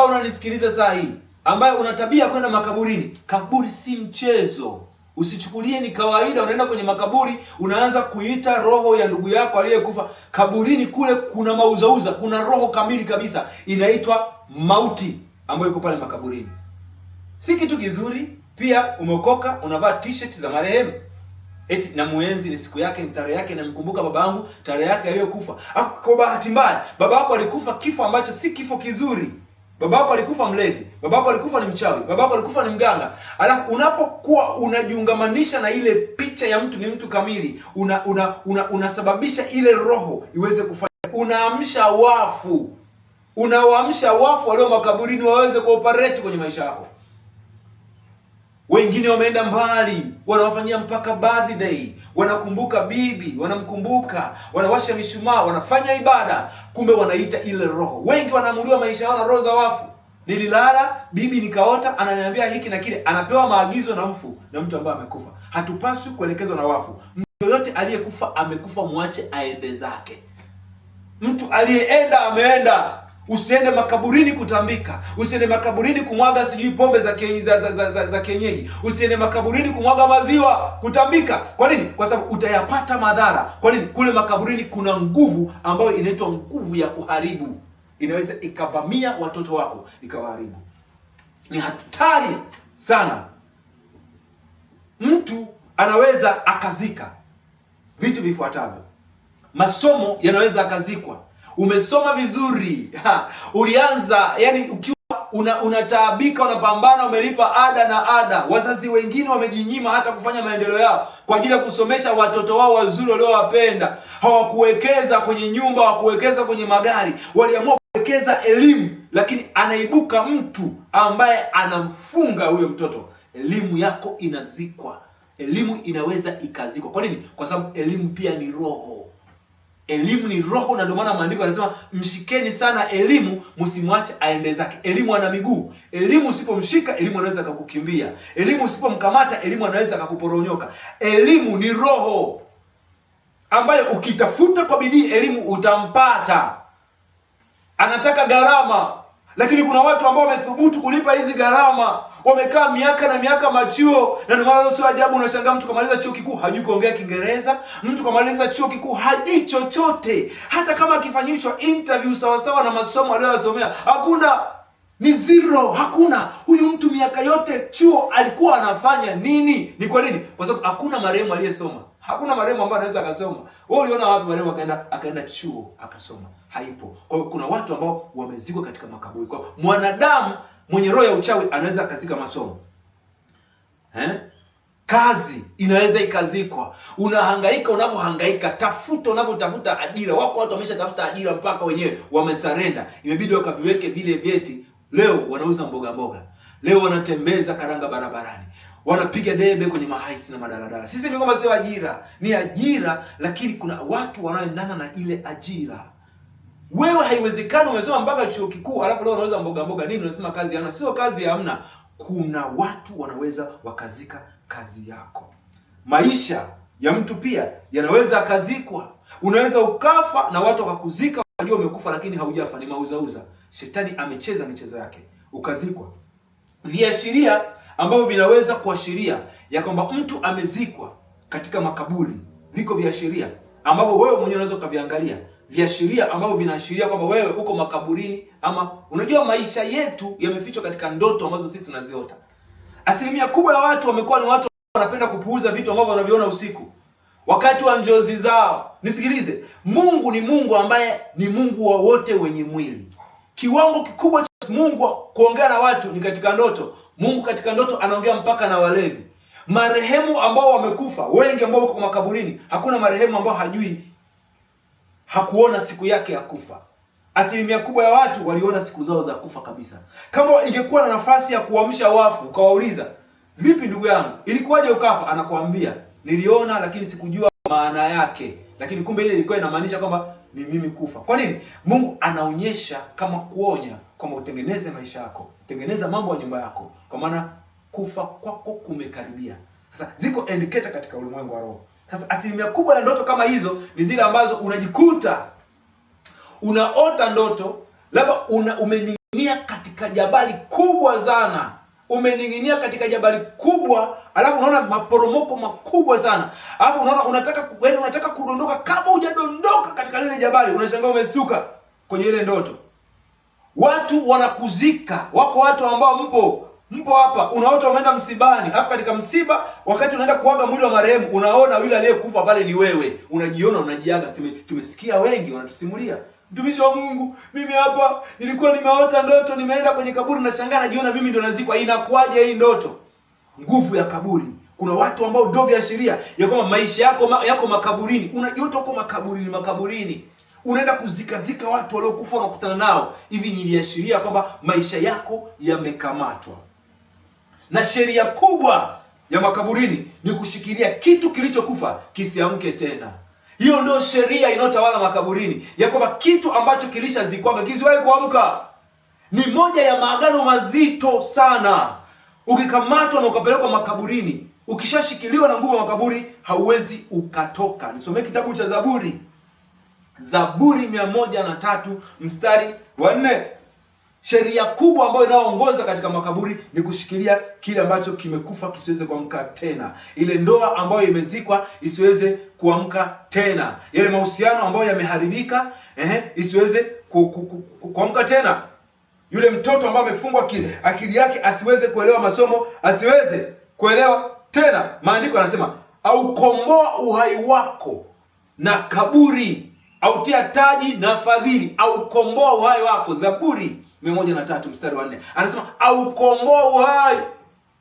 ambao unanisikiliza saa hii, ambaye una tabia kwenda makaburini, kaburi si mchezo. Usichukulie ni kawaida, unaenda kwenye makaburi, unaanza kuita roho ya ndugu yako aliyekufa. Kaburini kule kuna mauzauza, kuna roho kamili kabisa inaitwa mauti ambayo iko pale makaburini. Si kitu kizuri. Pia umeokoka, unavaa t-shirt za marehemu eti na muenzi, ni siku yake, ni tarehe yake, namkumbuka baba yangu, tarehe yake aliyokufa. Afu kwa bahati mbaya baba yako alikufa kifo ambacho si kifo kizuri babako alikufa mlevi, babako alikufa ni mchawi, babako alikufa ni mganga. Alafu unapokuwa unajiungamanisha na ile picha ya mtu ni mtu kamili, una unasababisha una, una ile roho iweze kufanya, unaamsha wafu, unawaamsha wafu walio makaburini waweze kuoperate kwenye maisha yako. Wengine wameenda mbali, wanawafanyia mpaka birthday wanakumbuka bibi, wanamkumbuka, wanawasha mishumaa, wanafanya ibada, kumbe wanaita ile roho. Wengi wanaamuriwa maisha yao na roho za wafu. Nililala bibi nikaota, ananiambia hiki na kile, anapewa maagizo na mfu na mtu ambaye amekufa. Hatupaswi kuelekezwa na wafu. Mtu yoyote aliyekufa amekufa, mwache aende zake. Mtu aliyeenda ameenda. Usiende makaburini kutambika, usiende makaburini kumwaga sijui pombe za, ke, za, za, za, za, za kienyeji, usiende makaburini kumwaga maziwa kutambika. Kwa nini? Kwa sababu utayapata madhara. Kwa nini? Kule makaburini kuna nguvu ambayo inaitwa nguvu ya kuharibu, inaweza ikavamia watoto wako ikawaharibu. Ni hatari sana. Mtu anaweza akazika vitu vifuatavyo, masomo yanaweza akazikwa umesoma vizuri ha, ulianza yani ukiwa una unataabika unapambana, umelipa ada na ada. Wazazi wengine wamejinyima hata kufanya maendeleo yao kwa ajili ya kusomesha watoto wao wazuri waliowapenda. Hawakuwekeza kwenye nyumba, hawakuwekeza kwenye magari, waliamua kuwekeza elimu. Lakini anaibuka mtu ambaye anamfunga huyo mtoto. Elimu yako inazikwa, elimu inaweza ikazikwa. Kwa nini? Kwa sababu elimu pia ni roho. Elimu ni roho, na ndio maana maandiko yanasema mshikeni sana elimu, msimwache aende zake. Elimu ana miguu. Elimu usipomshika, elimu anaweza akakukimbia. Elimu usipomkamata, elimu anaweza akakuporonyoka. Elimu ni roho ambayo ukitafuta kwa bidii elimu utampata. Anataka gharama lakini kuna watu ambao wamethubutu kulipa hizi gharama, wamekaa miaka na miaka machuo, na ndio maana sio ajabu unashangaa mtu kamaliza chuo kikuu hajui kuongea Kiingereza, mtu kamaliza chuo kikuu hajui chochote, hata kama akifanyishwa interview sawasawa na masomo aliyosomea hakuna ni zero, hakuna. Huyu mtu miaka yote chuo alikuwa anafanya nini? Ni kwa nini? Kwa sababu hakuna marehemu aliyesoma, hakuna marehemu ambaye anaweza akasoma. Wewe uliona wapi marehemu akaenda akaenda chuo akasoma? Haipo. Kwa hiyo kuna watu ambao wamezikwa katika makaburi. Kwa mwanadamu mwenye roho ya uchawi anaweza akazika masomo eh? Kazi inaweza ikazikwa. Unahangaika unavyohangaika, tafuta unavyotafuta ajira. Wako watu wameshatafuta ajira mpaka wenyewe wamesarenda, imebidi wakaviweke vile vyeti Leo wanauza mboga mboga, leo wanatembeza karanga barabarani, wanapiga debe kwenye mahaisi na madaladala. Sisi ni kwamba sio ajira, ni ajira, lakini kuna watu wanaoendana na ile ajira. Wewe haiwezekani, umesoma mpaka chuo kikuu alafu leo unauza mboga mboga nini? Unasema kazi hamna. Sio kazi hamna, kuna watu wanaweza wakazika kazi yako. Maisha ya mtu pia yanaweza akazikwa. Unaweza ukafa na watu wakakuzika, wakajua umekufa, lakini haujafa, ni mauzauza shetani amecheza michezo yake ukazikwa. Viashiria ambavyo vinaweza kuashiria ya kwamba mtu amezikwa katika makaburi, viko viashiria ambavyo wewe mwenyewe unaweza ukaviangalia, viashiria ambavyo vinaashiria kwamba wewe uko makaburini. Ama unajua maisha yetu yamefichwa katika ndoto ambazo sisi tunaziota. Asilimia kubwa ya watu wamekuwa ni watu wanapenda kupuuza vitu ambavyo wanaviona usiku wakati wa njozi zao. Nisikilize, Mungu ni Mungu ambaye ni Mungu wa wote wenye mwili. Kiwango kikubwa cha Mungu kuongea na watu ni katika ndoto. Mungu katika ndoto anaongea mpaka na walevi. Marehemu ambao wamekufa wengi, ambao wako makaburini, hakuna marehemu ambao hajui hakuona siku yake ya kufa. Asilimia kubwa ya watu waliona siku zao za kufa kabisa. Kama ingekuwa na nafasi ya kuamsha wafu, ukawauliza vipi, ndugu yangu, ilikuwaje ukafa? Anakuambia niliona, lakini sikujua maana yake, lakini kumbe ile ilikuwa inamaanisha kwamba ni mimi kufa. Kwa nini? Mungu anaonyesha kama kuonya kwamba utengeneze maisha yako, tengeneza mambo ya nyumba yako, kwa maana kufa kwako kumekaribia. Sasa ziko indicator katika ulimwengu wa roho. Sasa asilimia kubwa ya ndoto kama hizo ni zile ambazo unajikuta unaota ndoto labda una, umening'inia katika jabali kubwa sana, umening'inia katika jabali kubwa alafu unaona maporomoko makubwa sana, alafu unaona unataka yaani unataka kudondoka, kama hujadondoka katika lile jabali unashangaa umestuka kwenye ile ndoto. Watu wanakuzika, wako watu ambao mpo mpo hapa, unaota umeenda msibani, alafu katika msiba, wakati unaenda kuaga mwili wa marehemu, unaona yule aliyekufa pale ni wewe, unajiona unajiaga. Tume, tumesikia wengi wanatusimulia Mtumishi wa Mungu, mimi hapa nilikuwa nimeota ndoto, nimeenda kwenye kaburi, nashangaa najiona mimi ndo nazikwa. Inakuwaje hii ndoto? nguvu ya kaburi. Kuna watu ambao ndio viashiria ya kwamba maisha yako yako makaburini, unajiota uko makaburini, makaburini unaenda kuzikazika watu waliokufa unakutana nao. Hivi ni viashiria kwamba maisha yako yamekamatwa. Na sheria kubwa ya makaburini ni kushikilia kitu kilichokufa kisiamke tena. Hiyo ndio sheria inayotawala makaburini, ya kwamba kitu ambacho kilishazikwaga kisiwahi kuamka. Ni moja ya maagano mazito sana Ukikamatwa na ukapelekwa makaburini, ukishashikiliwa na nguvu ya makaburi hauwezi ukatoka. Nisomee kitabu cha Zaburi, Zaburi mia moja na tatu mstari wa nne. Sheria kubwa ambayo inayoongoza katika makaburi ni kushikilia kile ambacho kimekufa kisiweze kuamka tena, ile ndoa ambayo imezikwa isiweze kuamka tena, yale mahusiano ambayo yameharibika, ehe, isiweze kuamka tena yule mtoto ambaye amefungwa akili, akili yake asiweze kuelewa masomo, asiweze kuelewa tena. Maandiko anasema aukomboa uhai wako na kaburi, autia taji na fadhili, aukomboa uhai wako. Zaburi mia moja na tatu mstari wa nne anasema aukomboa uhai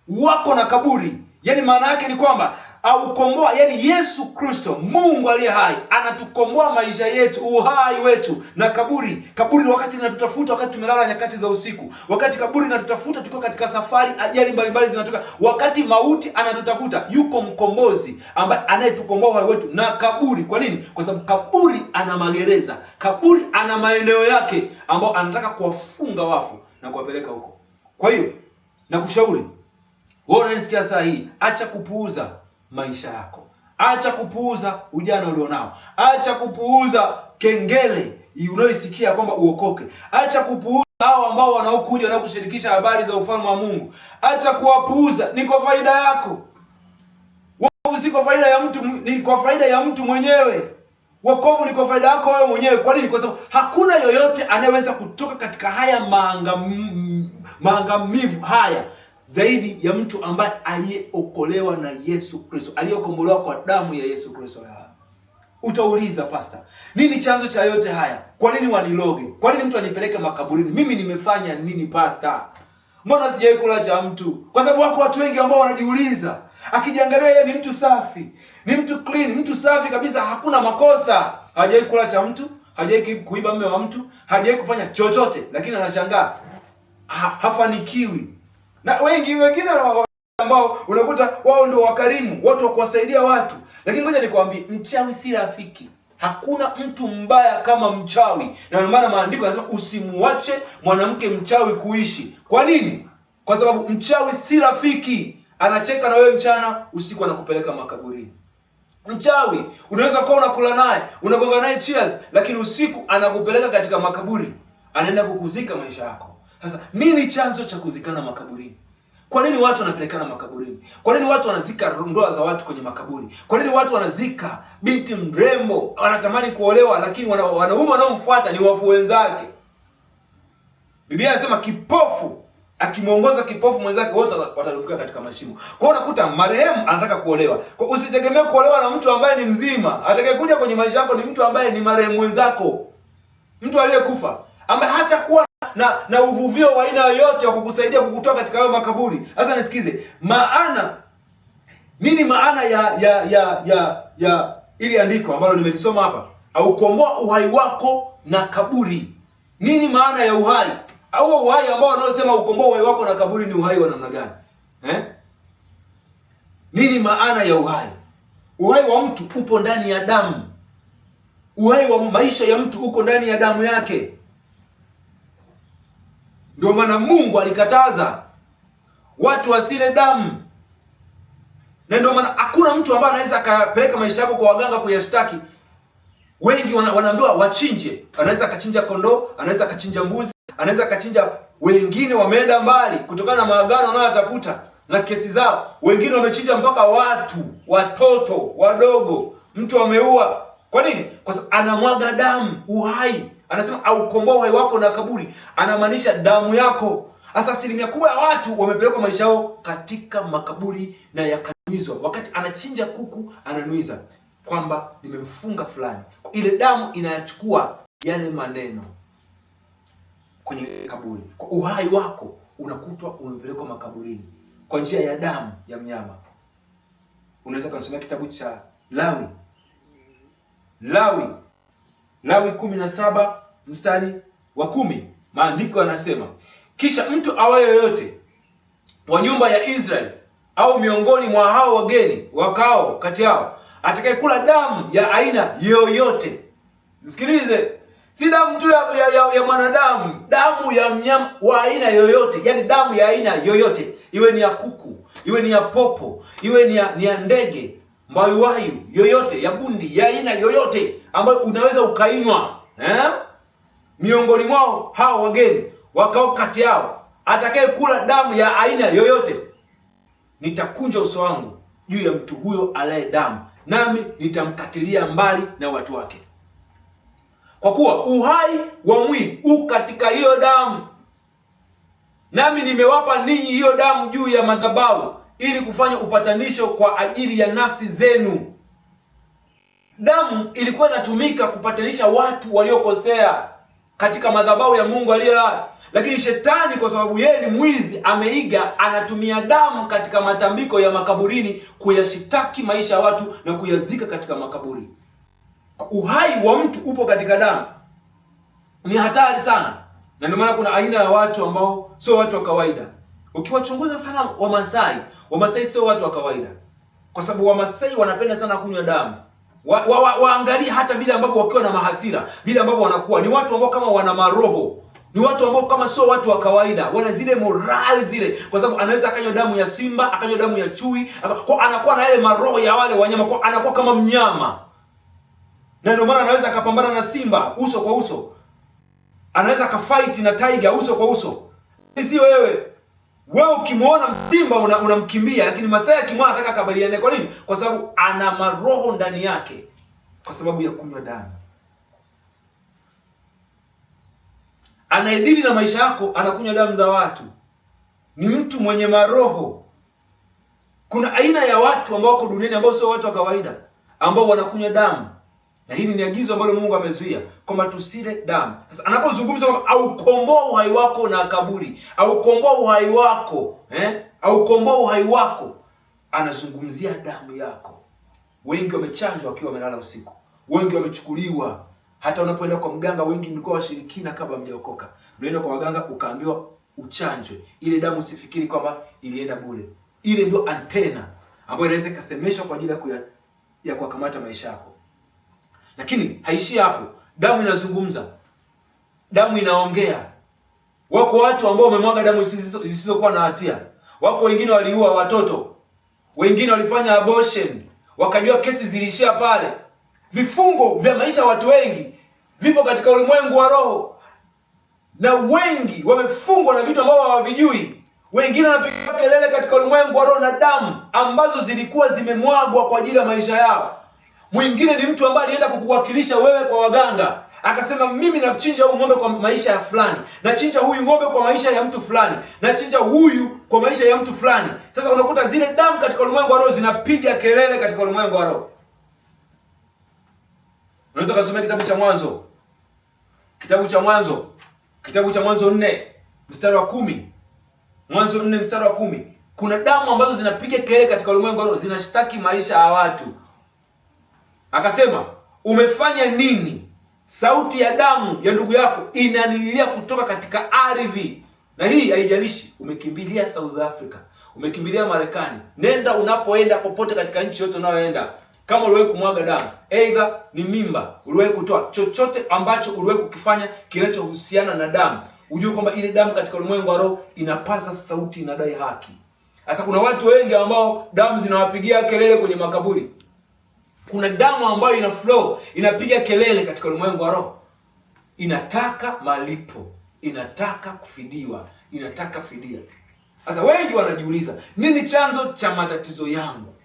wako na kaburi, yaani maana yake ni kwamba aukomboa, yani Yesu Kristo Mungu aliye hai anatukomboa maisha yetu, uhai wetu na kaburi. Kaburi wakati linatutafuta, wakati tumelala nyakati za usiku, wakati kaburi linatutafuta tukiwa katika safari, ajali mbalimbali zinatoka, wakati mauti anatutafuta, yuko mkombozi ambaye anayetukomboa uhai wetu na kaburi. Kwa nini? Kwa sababu kaburi ana magereza, kaburi ana maeneo yake ambayo anataka kuwafunga wafu na kuwapeleka huko. Kwa hiyo nakushauri wewe unanisikia saa hii, acha kupuuza maisha yako. Acha kupuuza ujana ulionao, acha kupuuza kengele unayoisikia kwamba uokoke, acha kupuuza hao ambao wanaokuja wanaokushirikisha habari za ufalme wa Mungu, acha kuwapuuza. Ni kwa faida yako, wokovu si kwa faida ya mtu, ni kwa faida ya mtu mwenyewe. Wokovu ni kwa faida yako wewe mwenyewe. Kwa nini? Kwa sababu hakuna yoyote anayeweza kutoka katika haya maangamivu haya zaidi ya mtu ambaye aliyeokolewa na Yesu Kristo, aliyekombolewa kwa damu ya Yesu Kristo. Utauliza, pasta, nini chanzo cha yote haya? Kwa nini waniloge? Kwa nini mtu anipeleke makaburini? Mimi nimefanya nini, pasta? Mbona sijawahi kula cha mtu? Kwa sababu wako watu wengi ambao wanajiuliza, akijiangalia yeye ni mtu safi, ni mtu clean, mtu safi kabisa, hakuna makosa, hajawahi kula cha mtu, hajawahi kuiba mme wa mtu, hajawahi kufanya chochote, lakini anashangaa ha hafanikiwi na wengi wengine ambao unakuta wao ndio wakarimu, watu wa kuwasaidia watu. Lakini ngoja nikwambie, mchawi si rafiki. Hakuna mtu mbaya kama mchawi, na maana maandiko yanasema usimuache mwanamke mchawi kuishi. Kwa nini? Kwa sababu mchawi si rafiki, anacheka na wewe mchana, usiku anakupeleka makaburini. Mchawi unaweza kuwa unakula naye, unagonga naye cheers, lakini usiku anakupeleka katika makaburi, anaenda kukuzika maisha yako. Sasa mimi ni chanzo cha kuzikana makaburini. Kwa nini watu wanapelekana makaburini? Kwa nini watu wanazika ndoa za watu kwenye makaburi? Kwa nini watu wanazika binti mrembo wanatamani kuolewa, lakini wana, wanaume wanaomfuata ni wafu wenzake? Biblia inasema kipofu akimwongoza kipofu mwenzake wote watadumbukia katika mashimo. Kwa hiyo unakuta marehemu anataka kuolewa. Usitegemee kuolewa na mtu ambaye ni mzima. Atakayekuja kwenye maisha yako ni mtu ambaye ni marehemu wenzako, mtu aliyekufa ambaye hata kuwa na na uvuvio wa aina yoyote wa kukusaidia kukutoa katika hayo makaburi. Sasa nisikize, maana nini? Maana ya ya ya ya, ya ili andiko ambalo nimelisoma hapa, aukomboa uhai wako na kaburi. Nini maana ya uhai au uhai ambao wanaosema ukomboa uhai wako na kaburi ni uhai wa namna gani eh? Nini maana ya uhai? Uhai wa mtu upo ndani ya damu. Uhai wa maisha ya mtu uko ndani ya damu yake. Ndio maana Mungu alikataza watu wasile damu, na ndio maana hakuna mtu ambaye anaweza akapeleka maisha yako kwa waganga kuyashtaki. Wengi wanaambiwa wachinje, anaweza akachinja kondoo, anaweza akachinja mbuzi, anaweza akachinja. Wengine wameenda mbali kutokana na maagano wanayotafuta na kesi zao. Wengine wamechinja mpaka watu, watoto wadogo, mtu ameua. Kwa nini? Kwa sababu anamwaga damu, uhai anasema aukomboa uhai wako na kaburi, anamaanisha damu yako. Sasa asilimia kubwa ya watu wamepelekwa maisha yao katika makaburi na yakanuizwa. Wakati anachinja kuku ananuiza kwamba nimemfunga fulani, ile damu inayachukua yale maneno kwenye kaburi. Kwa uhai wako unakutwa umepelekwa makaburini kwa njia ya damu ya mnyama. Unaweza ukanisomea kitabu cha Lawi Lawi Lawi kumi na saba mstari wa kumi maandiko yanasema, kisha mtu awaye yoyote wa nyumba ya Israeli au miongoni mwa hao wageni wakao kati yao atakayekula damu ya aina yoyote, msikilize, si damu tu ya, ya, ya, ya mwanadamu, damu ya mnyama wa aina yoyote, yani damu ya aina yoyote, iwe ni ya kuku, iwe ni ya popo, iwe ni ya, ni ya ndege mbayuwayu yoyote ya bundi ya aina yoyote ambayo unaweza ukainywa eh? miongoni mwao hao wageni wakao kati yao atakaye kula damu ya aina yoyote, nitakunja uso wangu juu ya mtu huyo alaye damu, nami nitamkatilia mbali na watu wake, kwa kuwa uhai wa mwili u katika hiyo damu, nami nimewapa ninyi hiyo damu juu ya madhabahu ili kufanya upatanisho kwa ajili ya nafsi zenu. Damu ilikuwa inatumika kupatanisha watu waliokosea katika madhabahu ya Mungu aliye hai, lakini shetani, kwa sababu yeye ni mwizi, ameiga, anatumia damu katika matambiko ya makaburini kuyashitaki maisha ya watu na kuyazika katika makaburi. Uhai wa mtu upo katika damu, ni hatari sana, na ndio maana kuna aina ya watu ambao sio watu wa kawaida. Ukiwachunguza sana Wamasai, Wamasai sio watu wa kawaida, kwa sababu Wamasai wanapenda sana kunywa damu. Wa, wa, wa, waangalie hata vile ambavyo wakiwa na mahasira, vile ambavyo wanakuwa ni watu ambao kama wana maroho ni watu ambao kama sio watu wa kawaida, wana zile morali zile, kwa sababu anaweza akanywa damu ya simba, akanywa damu ya chui, kwa anakuwa na yale maroho ya wale wanyama, kwa anakuwa kama mnyama, na ndio maana anaweza akapambana na simba uso kwa uso, anaweza akafight na tiger uso kwa uso, si wewe wewe ukimwona Simba unamkimbia una, lakini Masai akimwona anataka akabaliane. Kwa nini? Kwa sababu ana maroho ndani yake, kwa sababu ya kunywa damu. Anaedili na maisha yako, anakunywa damu za watu. Ni mtu mwenye maroho. Kuna aina ya watu ambao wako duniani ambao sio watu wa kawaida, ambao wanakunywa damu na hili ni agizo ambalo Mungu amezuia kwamba tusile damu. Sasa anapozungumza kwamba aukomboa uhai wako na kaburi, aukomboa uhai wako eh, aukomboa uhai wako, anazungumzia damu yako. Wengi wamechanjwa wakiwa wamelala usiku, wengi wamechukuliwa. Hata unapoenda kwa mganga, wengi mlikuwa washirikina kabla mjaokoka, mnaenda kwa waganga ukaambiwa uchanjwe ile damu. Usifikiri kwamba ilienda bure, ile ndio antena ambayo inaweza ikasemeshwa kwa ajili ya kuwakamata maisha yako. Lakini haishi hapo, damu inazungumza, damu inaongea. Wako watu ambao wamemwaga damu zisizokuwa na hatia, wako wengine waliua watoto, wengine walifanya abortion, wakajua kesi ziliishia pale. Vifungo vya maisha watu wengi vipo katika ulimwengu wa roho, na wengi wamefungwa na vitu ambavyo hawavijui. Wengine wanapiga kelele katika ulimwengu wa roho na damu ambazo zilikuwa zimemwagwa kwa ajili ya maisha yao. Mwingine ni mtu ambaye alienda kukuwakilisha wewe kwa waganga, akasema mimi namchinja huyu ng'ombe kwa maisha ya fulani, nachinja huyu ng'ombe kwa maisha ya mtu fulani, nachinja huyu kwa maisha ya mtu fulani. Sasa unakuta zile damu katika ulimwengu wa roho zinapiga kelele katika ulimwengu wa roho. Unaweza kusoma kitabu cha Mwanzo, kitabu cha Mwanzo, kitabu cha Mwanzo nne mstari wa kumi. Mwanzo nne mstari wa kumi. Kuna damu ambazo zinapiga kelele katika ulimwengu wa roho, zinashtaki maisha ya watu. Akasema, umefanya nini? Sauti ya damu ya ndugu yako inanililia kutoka katika ardhi. Na hii haijalishi umekimbilia South Africa, umekimbilia Marekani. Nenda unapoenda popote katika nchi yote unayoenda, kama uliwahi kumwaga damu, aidha ni mimba uliwahi kutoa, chochote ambacho uliwahi kukifanya kinachohusiana na damu, ujue kwamba ile damu katika ulimwengu wa roho inapaza sauti, inadai haki. Sasa kuna watu wengi ambao damu zinawapigia kelele kwenye makaburi. Kuna damu ambayo ina flow, inapiga kelele katika ulimwengu wa roho, inataka malipo, inataka kufidiwa, inataka fidia. Sasa wengi wanajiuliza, nini chanzo cha matatizo yangu?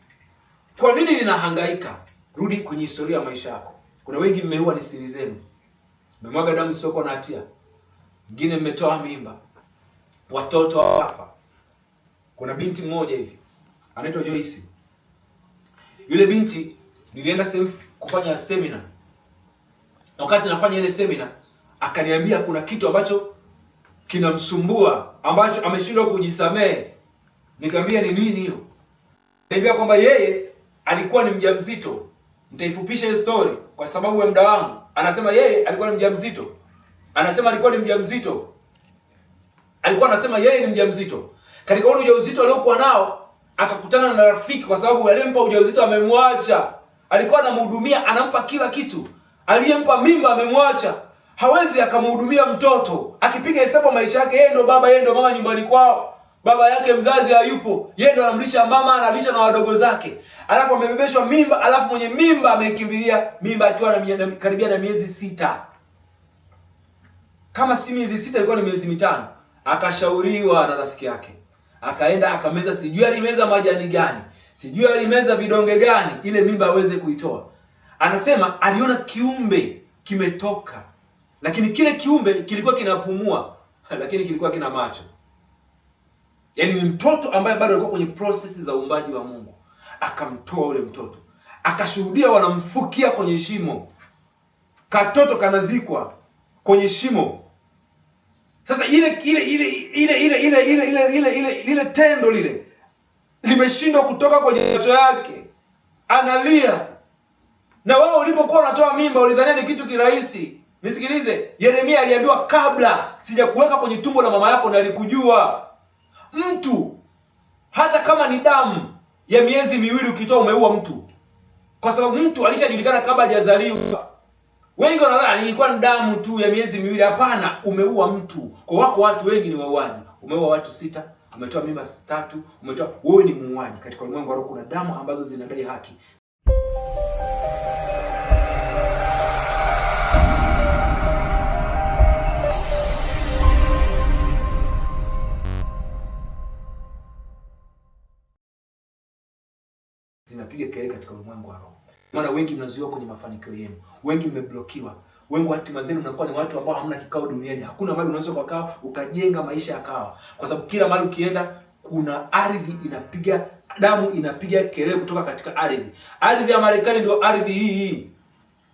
Kwa nini ninahangaika? Rudi kwenye historia ya maisha yako. Kuna wengi mmeua ni siri zenu, mmemwaga damu zisizokuwa na hatia, wengine mmetoa mimba, watoto wafa. Kuna binti mmoja hivi anaitwa Joyce. Yule binti nilienda sehemu kufanya seminar, wakati nafanya ile seminar akaniambia kuna kitu ambacho kinamsumbua ambacho ameshindwa kujisamehe. Nikamwambia ni nini hiyo? Niambia kwamba yeye alikuwa ni mjamzito. Nitaifupisha hiyo story kwa sababu ya muda wangu. Anasema yeye alikuwa ni mjamzito, anasema alikuwa ni mjamzito, alikuwa anasema yeye ni mjamzito. Katika ule ujauzito aliokuwa nao akakutana na rafiki, kwa sababu alimpa ujauzito amemwacha alikuwa anamhudumia, anampa kila kitu. Aliyempa mimba amemwacha, hawezi akamhudumia mtoto. Akipiga hesabu maisha yake, yeye ndo baba, yeye ndo mama nyumbani kwao, baba yake mzazi hayupo, yeye ndo anamlisha mama, analisha na wadogo zake, alafu amebebeshwa mimba, alafu mwenye mimba amekimbilia mimba akiwa na karibia na miezi sita, kama si miezi sita, ilikuwa ni miezi mitano. Akashauriwa na rafiki yake, akaenda akameza, sijui alimeza majani gani sijui alimeza vidonge gani ile mimba aweze kuitoa. Anasema aliona kiumbe kimetoka, lakini kile kiumbe kilikuwa kinapumua, lakini kilikuwa kina macho. Yaani ni mtoto ambaye bado alikuwa kwenye prosesi za uumbaji wa Mungu. Akamtoa ule mtoto, akashuhudia wanamfukia kwenye shimo, katoto kanazikwa kwenye shimo. Sasa ile ile ile ile ile ile ile ile ile tendo lile limeshindwa kutoka kwenye macho yake, analia. Na wewe ulipokuwa unatoa mimba ulidhania ni kitu kirahisi. Nisikilize, Yeremia aliambiwa kabla sijakuweka kwenye tumbo la mama yako nalikujua. Mtu hata kama ni damu ya miezi miwili ukitoa umeua mtu, kwa sababu mtu alishajulikana kabla hajazaliwa. Wengi wanadhani ilikuwa ni damu tu ya miezi miwili. Hapana, umeua mtu. Kwa wako watu wengi ni wauaji. Umeua watu sita, umetoa mimba tatu, umetoa wewe ni muuaji. Katika ulimwengu wa roho kuna damu ambazo zinadai haki. Zinapiga kelele katika ulimwengu wa roho. Maana wengi mnazuiwa kwenye mafanikio yenu, wengi mmeblokiwa wengi wa hatima zenu mnakuwa ni watu ambao hamna kikao duniani. Hakuna mali unaweza kukaa ukajenga maisha yakawa, kwa sababu kila mali ukienda kuna ardhi inapiga damu inapiga kelele kutoka katika ardhi. Ardhi ya Marekani ndio ardhi hii hii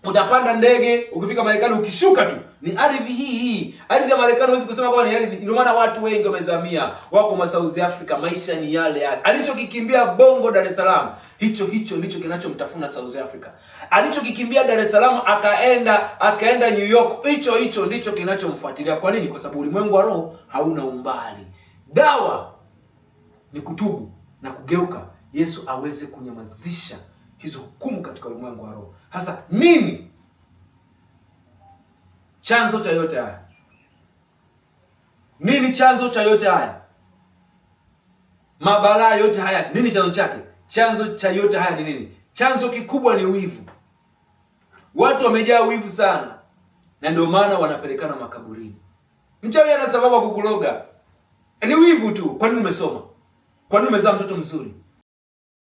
Utapanda ndege ukifika Marekani, ukishuka tu ni ardhi hii hii. Ardhi ya Marekani huwezi kusema kwamba ni ardhi. Ndio maana watu wengi wamezamia, wako ma South Africa, maisha ni yale yale. Alichokikimbia Bongo Dar es Salaam, hicho hicho ndicho kinachomtafuna South Africa. Alichokikimbia Dar es Salaam akaenda akaenda New York, hicho hicho ndicho kinachomfuatilia. Kwa nini? Kwa sababu ulimwengu wa roho hauna umbali. Dawa ni kutubu na kugeuka, Yesu aweze kunyamazisha hizo hukumu katika ulimwengu wa roho. Sasa nini chanzo cha yote haya? Nini chanzo cha yote haya? Mabalaa yote haya, nini chanzo chake? Chanzo cha yote haya ni nini? Chanzo kikubwa ni wivu. Watu wamejaa wivu sana, na ndio maana wanapelekana makaburini. Mchawi ana sababu ya kukuloga, ni wivu tu. Kwa nini umesoma? Kwa nini umezaa mtoto mzuri?